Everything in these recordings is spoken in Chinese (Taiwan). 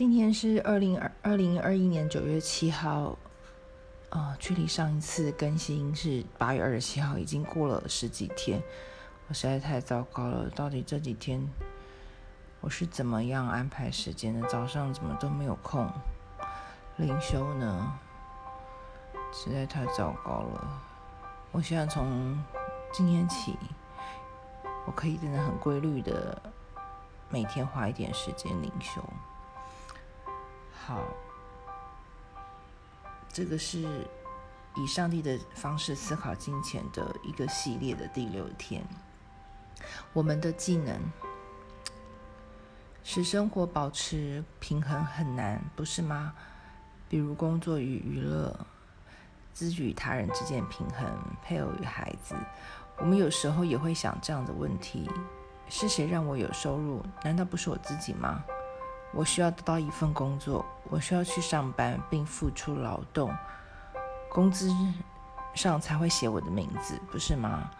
今天是二零二二零二一年九月七號，啊，距離上一次更新是八月二十七號，已經過了十幾天。我實在太糟糕了，到底這幾天我是怎麼樣安排時間的？早上怎麼都沒有空靈修呢？實在太糟糕了。我希望從今天起，我可以真的很規律的每天花一點時間靈修。好，這個是以上帝的方式思考金錢的一個系列的第六天。我們的技能，使生活保持平衡很難，不是嗎？比如工作與娛樂，自己與他人之間平衡，配偶與孩子。我們有時候也會想這樣的問題：是誰讓我有收入？難道不是我自己嗎？我需要得到一份工作，我需要去上班並付出勞動，工資上才會寫我的名字，不是嗎？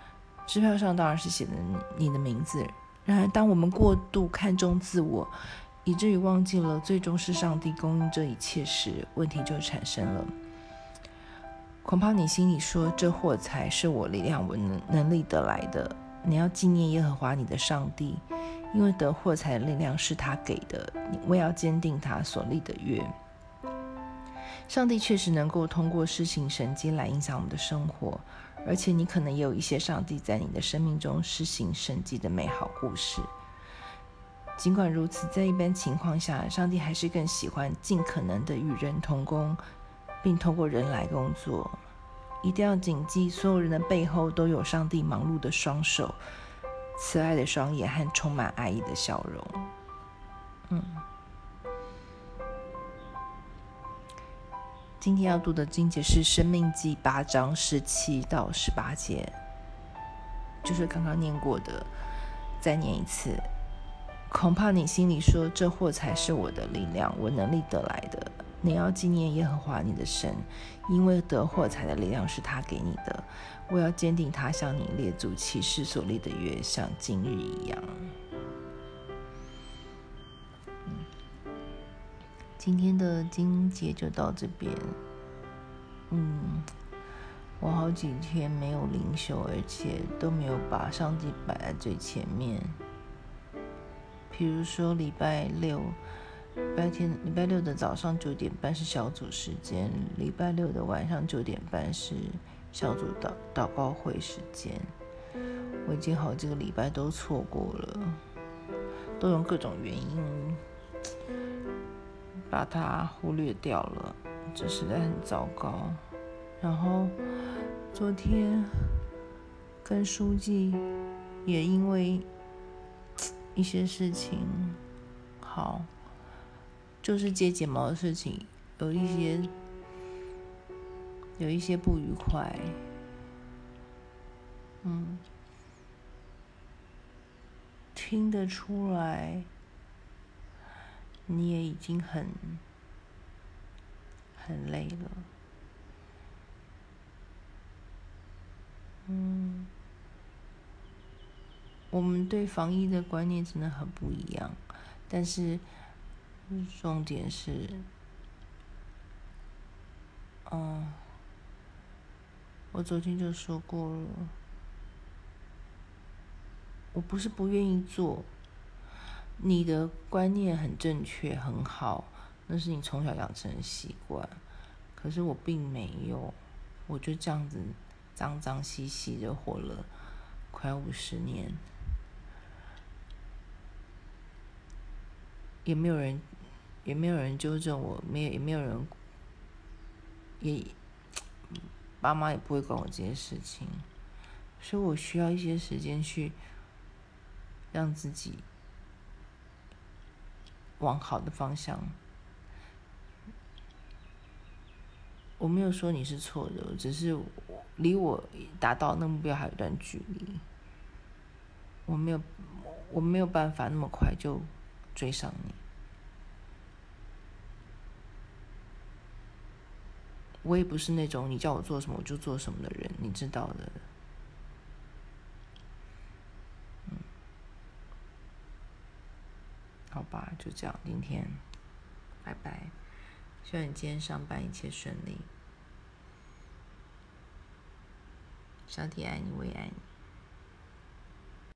支票上當然是寫的你，你的名字。然而，當我們過度看重自我，以至於忘記了最終是上帝供應這一切時，問題就產生了。恐怕你心裏說，這貨財是我力量、我能能力得來的。你要紀念耶和華你的上帝。因為得貨財的力量是他給的，為要堅定他所立的約。上帝確實能夠通過施行神蹟來影響我們的生活，而且你可能也有一些上帝在你的生命中施行神蹟的美好故事。儘管如此，在一般情況下，上帝還是更喜歡盡可能地與人同工，並通過人來工作。一定要謹記，所有人的背後都有上帝忙碌的雙手。慈愛的雙眼和充滿愛意的笑容，嗯。今天要讀的經節是《申命記》八章十七到十八節，就是剛剛念過的，再念一次。恐怕你心裡說：“這貨財是我的力量，我能力得來的。”你要紀念耶和華你的神，因為得貨財的力量是他給你的。我要堅定他向你列祖起誓所立的約，像今日一樣。嗯，今天的經節就到這邊。嗯，我好幾天沒有靈修，而且都沒有把上帝擺在最前面。比如說禮拜六。白天禮拜六的早上九點半是小組時間，禮拜六的晚上九點半是小組禱禱告會時間。我已經好幾個禮拜都錯過了，都用各種原因把它忽略掉了，這實在很糟糕。然後昨天跟書記也因為一些事情，好。就是接睫毛的事情，有一些，有一些不愉快。嗯，聽得出來，你也已經很，很累了。嗯，我們對防疫的觀念真的很不一樣，但是。重點是，嗯。我昨天就說過了，我不是不願意做，你的觀念很正確很好，那是你從小養成的習慣，可是我並沒有，我就這樣子髒髒兮兮的活了快五十年，也沒有人。也沒有人糾正我，沒有也沒有人也，也爸媽也不會管我這些事情，所以我需要一些時間去讓自己往好的方向。我沒有說你是錯的，我只是離我達到那目標還有一段距離，我沒有我沒有辦法那麼快就追上你。我也不是那種你叫我做什麼我就做什麼的人，你知道的。嗯，好吧，就這樣，今天，拜拜。希望你今天上班一切順利。上帝愛你，我也愛你。